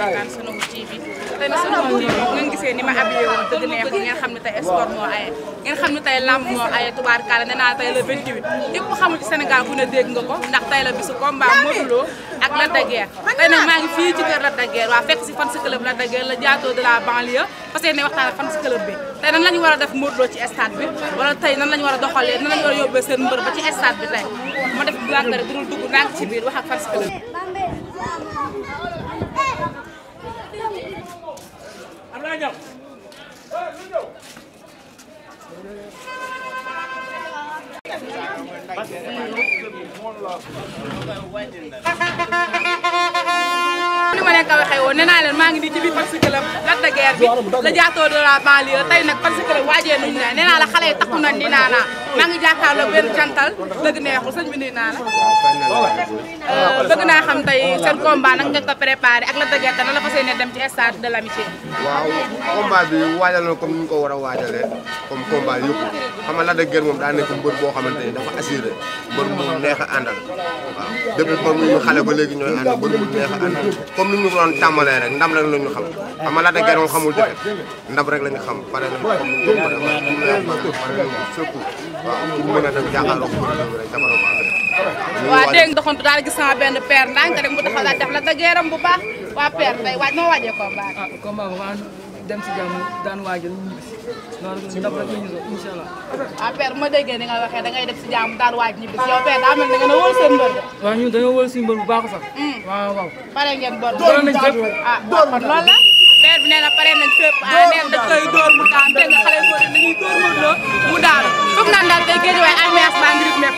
seetaan sunu TV tey na sunu nag maa ngi fii ci kër Lac waa fekk si fan si club Lac de la jaatoo de la banlieue parce que ne waxtaan fan si club bi tey nan la war a def Modou Lo ci stade bi wala tey nan la war a doxalee nan la war a yóbbee seen mbër ba ci stade bi tey ma def blanqare dudul dugg naak ci biir wax ak fan si club ñaw ni ma leen ko waxee woon nee naa leen maa ngi nii ci biir parce que la Lac de Guiers bi la jaatoo de la banlieue tey nag parce que la waajee nuñ ne nee naa la xale yi takku nañ ni naa naa maa ngi jàkkaarloog benn jantal dëgg neexul sëñ bi nuyu naa a bëgg naa xam tey seen combat nag nga ko préparé ak la dëgër te la fa seen dem ci stade de l'amitié. waaw combat bi waajaloon comme ni ñu ko war a waajalee comme combat yëpp xam nga la dëgër moom daa nekk mbër boo xamante ni dafa assuré mbër mu neex a àndal waaw depuis comme ñu xale ba léegi ñooy a àndal ndam la ñu xam xam nga la dëgër moom xamul defet ndam rek la ñu xam pare nañ comme ni ñu ko war waaw ku mën a dem jàkkaarloo ku mën a dem rek jamono baax na. waaw dégg nga doxantu daal gis naa benn père ndànk rek mu taxaw daal def la dëgëram bu baax waa père day waaj noo waajee combat bi. ah combat bi maa dem si jàmm daan waajal ñu ñibbi si noonu ndam rek la ñu doon incha allah. waaw père ma déggee ni nga waxee da ngay def si jàmm daan waaj ñibbi si yow père daa mel ni nga ne wóol seen mbër. waaw ñun dañoo wóol suñu mbër bu baax sax. Hmm. waaw waaw. pare ngeen bor. doon nañ fépp ah kon loolu la. père bi nee na pare nañ Guédiawaye Alliance